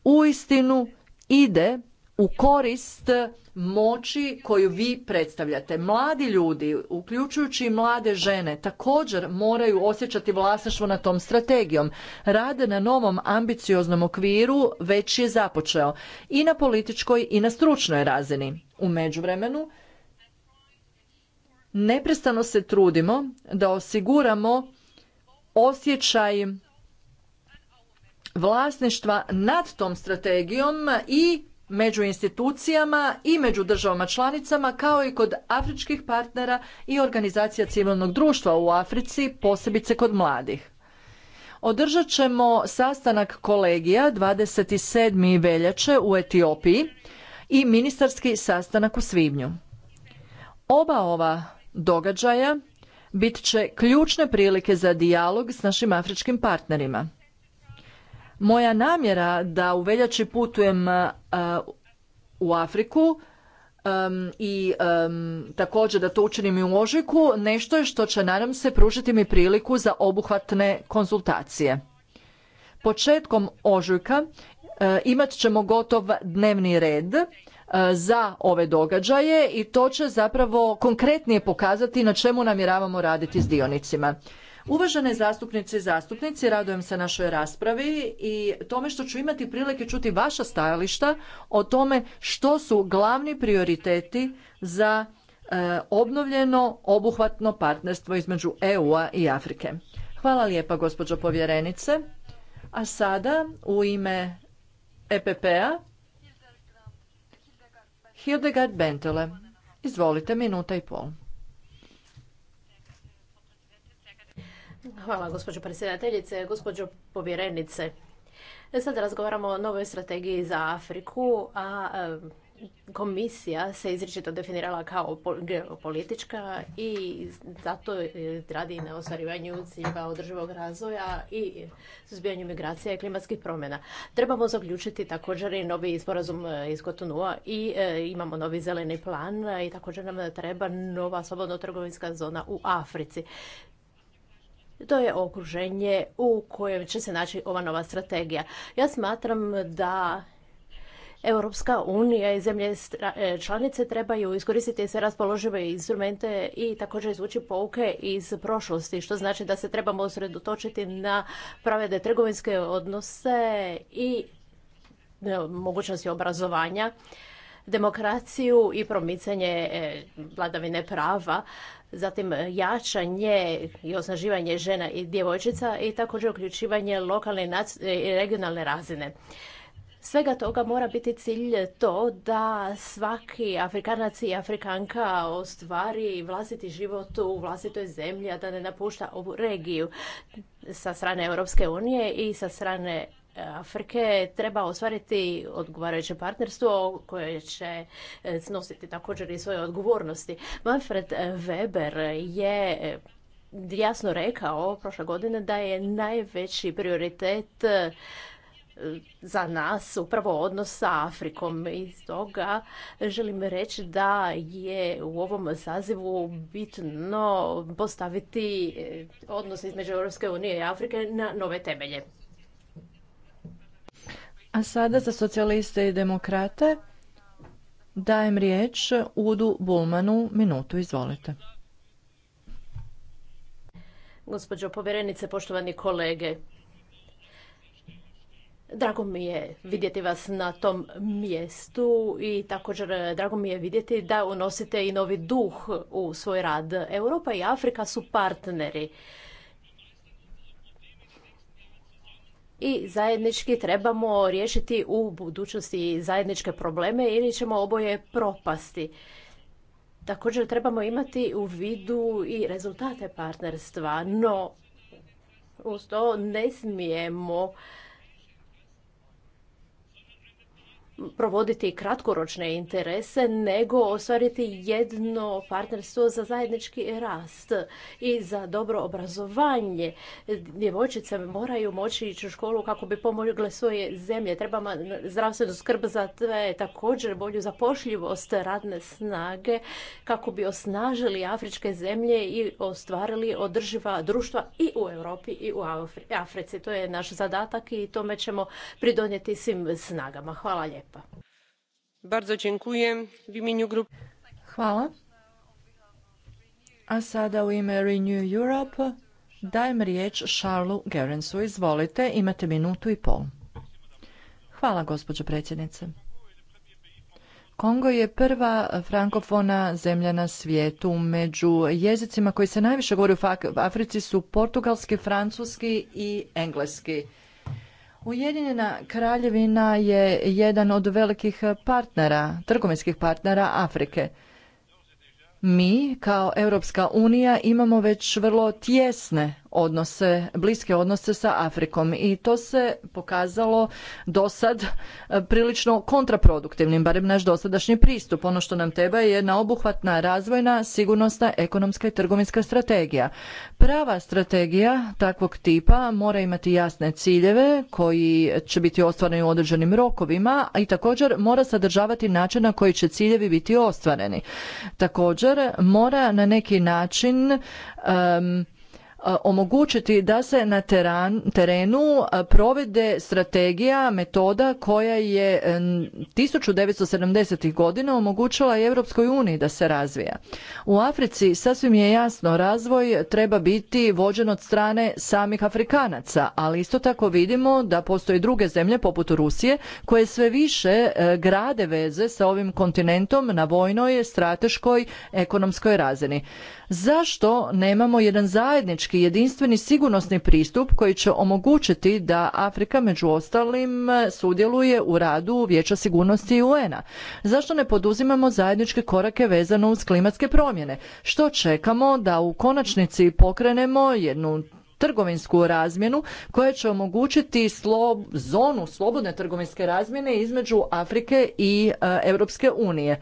uistinu ide u korist moći koju vi predstavljate. Mladi ljudi, uključujući i mlade žene, također moraju osjećati vlasništvo na tom strategijom. Rade na novom ambicioznom okviru već je započeo i na političkoj i na stručnoj razini. U međuvremenu neprestano se trudimo da osiguramo osjećaj vlasništva nad tom strategijom i među institucijama i među državama članicama kao i kod afričkih partnera i organizacija civilnog društva u Africi, posebice kod mladih. Održat ćemo sastanak kolegija 27. veljače u Etiopiji i ministarski sastanak u svibnju. Oba ova događaja bit će ključne prilike za dijalog s našim afričkim partnerima. Moja namjera da u veljači putujem u Afriku um, i um, također da to učinim i u ožujku nešto je što će nadam se pružiti mi priliku za obuhvatne konzultacije. Početkom ožujka imati e, imat ćemo gotov dnevni red E, za ove događaje i to će zapravo konkretnije pokazati na čemu namjeravamo raditi s dionicima. Uvažene zastupnice i zastupnici, radujem se našoj raspravi i tome što ću imati prilike čuti vaša stajališta o tome što su glavni prioriteti za e, obnovljeno obuhvatno partnerstvo između EU-a i Afrike. Hvala lijepa gospođo povjerenice. A sada u ime EPP-a Hildegard Bentele. Izvolite, minuta i pol. Hvala, gospođo predsjedateljice, gospođo povjerenice. Sad razgovaramo o novoj strategiji za Afriku, a komisija se izričito definirala kao geopolitička i zato radi na ostvarivanju ciljeva održivog razvoja i suzbijanju migracija i klimatskih promjena. Trebamo zaključiti također i novi sporazum e, iz Kotonua i e, imamo novi zeleni plan e, i također nam treba nova slobodno trgovinska zona u Africi. To je okruženje u kojem će se naći ova nova strategija. Ja smatram da Europska unija i zemlje e, članice trebaju iskoristiti sve raspoložive instrumente i također izvući pouke iz prošlosti, što znači da se trebamo usredotočiti na pravedne trgovinske odnose i e, mogućnosti obrazovanja, demokraciju i promicanje e, vladavine prava, zatim jačanje i osnaživanje žena i djevojčica i također uključivanje lokalne i regionalne razine svega toga mora biti cilj to da svaki Afrikanac i Afrikanka ostvari vlastiti život u vlastitoj zemlji, a da ne napušta ovu regiju sa strane Europske unije i sa strane e, Afrike treba ostvariti odgovarajuće partnerstvo koje će e, snositi također i svoje odgovornosti. Manfred Weber je jasno rekao prošle godine da je najveći prioritet za nas upravo odnos sa Afrikom. I stoga želim reći da je u ovom sazivu bitno postaviti eh, odnos između Europske unije i Afrike na nove temelje. A sada za socijaliste i demokrate dajem riječ Udu Bulmanu. Minutu, izvolite. Gospođo povjerenice, poštovani kolege, Drago mi je vidjeti vas na tom mjestu i također eh, drago mi je vidjeti da unosite i novi duh u svoj rad. Europa i Afrika su partneri. I zajednički trebamo riješiti u budućnosti zajedničke probleme ili ćemo oboje propasti. Također trebamo imati u vidu i rezultate partnerstva, no uz to ne smijemo provoditi kratkoročne interese, nego ostvariti jedno partnerstvo za zajednički rast i za dobro obrazovanje. Djevojčice moraju moći ići u školu kako bi pomogle svoje zemlje. Treba zdravstvenu skrb za tve, također bolju zapošljivost radne snage kako bi osnažili afričke zemlje i ostvarili održiva društva i u Europi i u Africi. To je naš zadatak i tome ćemo pridonijeti svim snagama. Hvala lijepo. Hvala. A sada u ime Renew Europe dajem riječ Šarlu Gerensu. Izvolite, imate minutu i pol. Hvala, gospođo predsjednice. Kongo je prva frankofona zemlja na svijetu. Među jezicima koji se najviše govori u Africi su portugalski, francuski i engleski. Ujedinjena kraljevina je jedan od velikih partnera, trgovinskih partnera Afrike. Mi kao Europska unija imamo već vrlo tjesne odnose, bliske odnose sa Afrikom i to se pokazalo do sad e, prilično kontraproduktivnim, barem naš dosadašnji pristup. Ono što nam treba je jedna obuhvatna razvojna, sigurnosna, ekonomska i trgovinska strategija. Prava strategija takvog tipa mora imati jasne ciljeve koji će biti ostvareni u određenim rokovima i također mora sadržavati način na koji će ciljevi biti ostvareni. Također mora na neki način E, omogućiti da se na terenu e, provede strategija, metoda koja je 1970. E, godina omogućila i Europskoj uniji da se razvija. U Africi sasvim je jasno razvoj treba biti vođen od strane samih Afrikanaca, ali isto tako vidimo da postoje druge zemlje poput Rusije koje sve više grade veze sa ovim kontinentom na vojnoj, strateškoj, ekonomskoj razini. Zašto nemamo jedan zajednički jedinstveni sigurnosni pristup koji će omogućiti da Afrika među ostalim e, sudjeluje u radu Vijeća sigurnosti UN-a? Zašto ne poduzimamo zajedničke korake vezano uz klimatske promjene? Što čekamo da u konačnici pokrenemo jednu trgovinsku razmjenu koja će omogućiti zonu slobodne trgovinske razmjene između Afrike i e, Europske unije.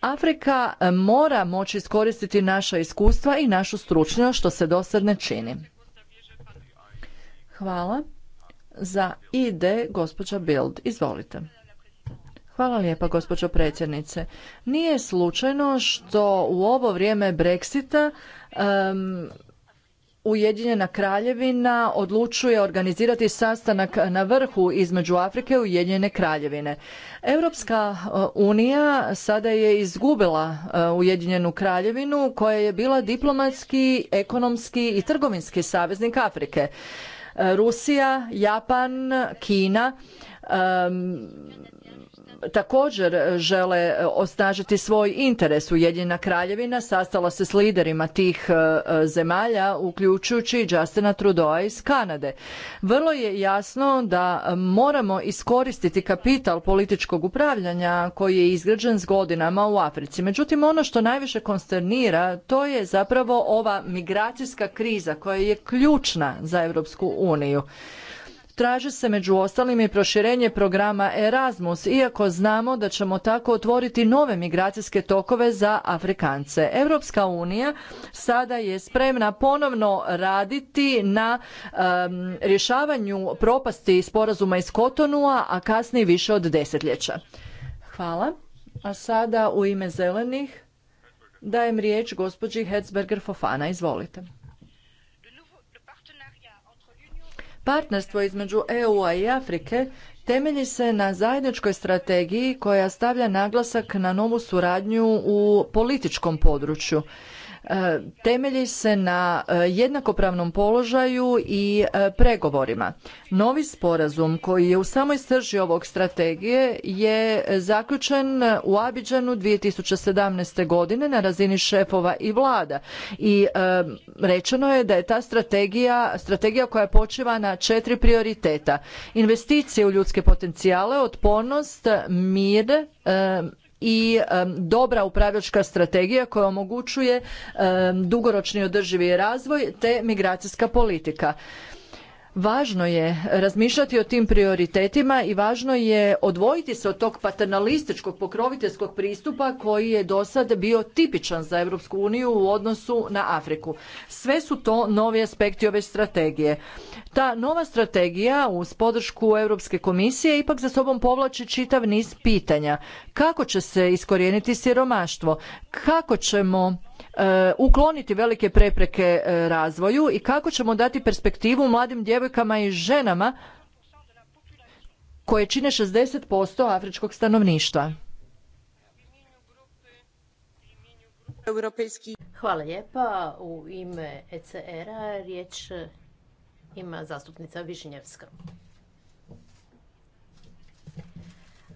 Afrika eh, mora moći iskoristiti naša iskustva i našu stručnost što se dosad ne čini. Hvala. Za ide gospođa Bild. Izvolite. Hvala lijepa gospođo predsjednice. Nije slučajno što u ovo vrijeme Brexita Ujedinjena kraljevina odlučuje organizirati sastanak na vrhu između Afrike i Ujedinjene kraljevine. Europska e, unija sada je izgubila e, Ujedinjenu kraljevinu koja je bila diplomatski, ekonomski i trgovinski saveznik Afrike. E, Rusija, Japan, Kina također e, žele e, osnažiti svoj interes. Ujedinjena kraljevina sastala se s liderima tih e, zemalja, uključujući i Justina Trudeau iz Kanade. Vrlo je jasno da moramo iskoristiti kapital političkog upravljanja koji je izgrađen s godinama u Africi. Međutim, ono što najviše konsternira to je zapravo ova migracijska kriza koja je ključna za Europsku uniju. Traži se među ostalim i proširenje programa Erasmus, iako znamo da ćemo tako otvoriti nove migracijske tokove za Afrikance. Europska unija sada je spremna ponovno raditi na rješavanju propasti sporazuma iz Kotonua, a kasnije više od desetljeća. Hvala. A sada u ime zelenih dajem riječ gospođi Hetzberger Fofana. Izvolite. Partnerstvo između EU-a i Afrike temelji se na zajedničkoj strategiji koja stavlja naglasak na novu suradnju u političkom području. E, temelji se na e, jednakopravnom položaju i e, pregovorima. Novi sporazum koji je u samoj srži ovog strategije je zaključen u Abidžanu 2017. godine na razini šefova i vlada i rečeno je da je ta strategija strategija koja počiva na četiri prioriteta. Investicije u ljudske potencijale, otpornost, mir, i dobra upravljačka strategija koja omogućuje dugoročni održivi razvoj te migracijska politika. Važno je razmišljati o tim prioritetima i važno je odvojiti se od tog paternalističkog pokroviteljskog pristupa koji je do sad bio tipičan za Europsku uniju u odnosu na Afriku. Sve su to novi aspekti ove strategije. Ta nova strategija uz podršku Europske komisije ipak za sobom povlači čitav niz pitanja. Kako će se iskorijeniti siromaštvo? Kako ćemo E, ukloniti velike prepreke e, razvoju i kako ćemo dati perspektivu mladim djevojkama i ženama koje čine 60% afričkog stanovništva. Hvala lijepa. U ime ECR-a riječ ima zastupnica Višnjevska.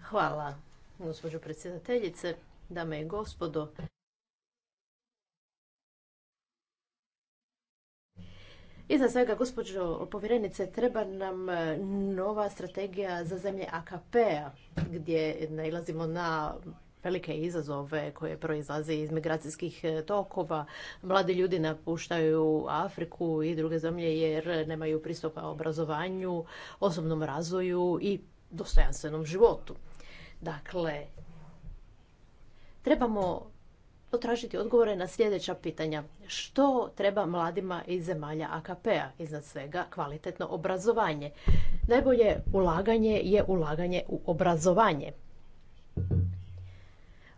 Hvala, gospođo predsjedateljice, dame i gospodo. Iza svega, gospođo povjerenice, treba nam e, nova strategija za zemlje AKP-a, gdje nailazimo na velike izazove koje proizlaze iz migracijskih e, tokova. Mladi ljudi napuštaju Afriku i druge zemlje jer nemaju pristupa obrazovanju, osobnom razvoju i dostojanstvenom životu. Dakle, trebamo potražiti odgovore na sljedeća pitanja. Što treba mladima iz zemalja AKP-a? Iznad svega kvalitetno obrazovanje. Najbolje ulaganje je ulaganje u obrazovanje.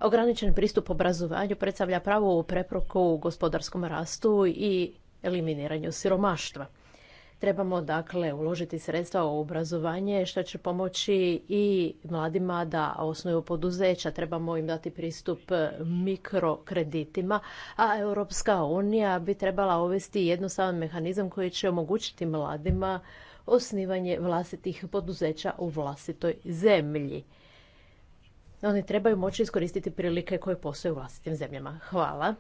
Ograničen pristup obrazovanju predstavlja pravu preproku u gospodarskom rastu i eliminiranju siromaštva. Trebamo dakle uložiti sredstva u obrazovanje što će pomoći i mladima da osnuju poduzeća. Trebamo im dati pristup mikrokreditima, a Europska unija bi trebala uvesti jednostavan mehanizam koji će omogućiti mladima osnivanje vlastitih poduzeća u vlastitoj zemlji. Oni trebaju moći iskoristiti prilike koje postoje u vlastitim zemljama. Hvala.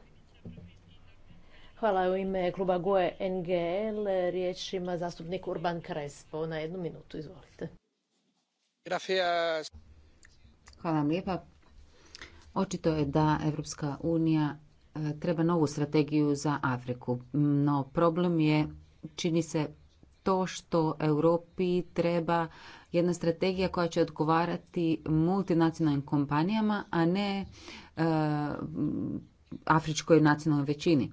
Hvala u ime kluba GOE NGL. Riječ ima zastupnik Urban Krespo. Na jednu minutu, izvolite. Hvala vam lijepa. Očito je da Evropska unija e, treba novu strategiju za Afriku. No problem je, čini se, to što Europi treba jedna strategija koja će odgovarati multinacionalnim kompanijama, a ne e, afričkoj nacionalnoj većini.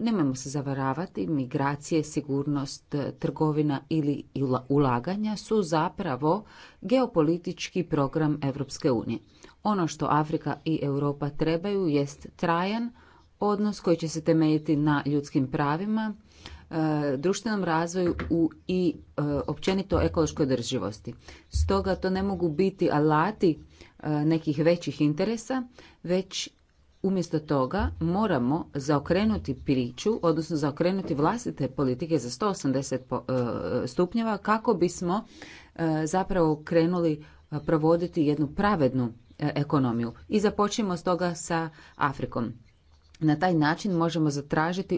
Nemojmo se zavaravati, migracije, sigurnost, trgovina ili ulaganja su zapravo geopolitički program Europske unije. Ono što Afrika i Europa trebaju jest trajan odnos koji će se temeljiti na ljudskim pravima, e, društvenom razvoju i e, općenito ekološkoj održivosti. Stoga to ne mogu biti alati e, nekih većih interesa, već Umjesto toga moramo zaokrenuti priču, odnosno zaokrenuti vlastite politike za 180 e, stupnjeva kako bismo e, zapravo krenuli e, provoditi jednu pravednu ekonomiju. I započnimo stoga sa Afrikom. Na taj način možemo zatražiti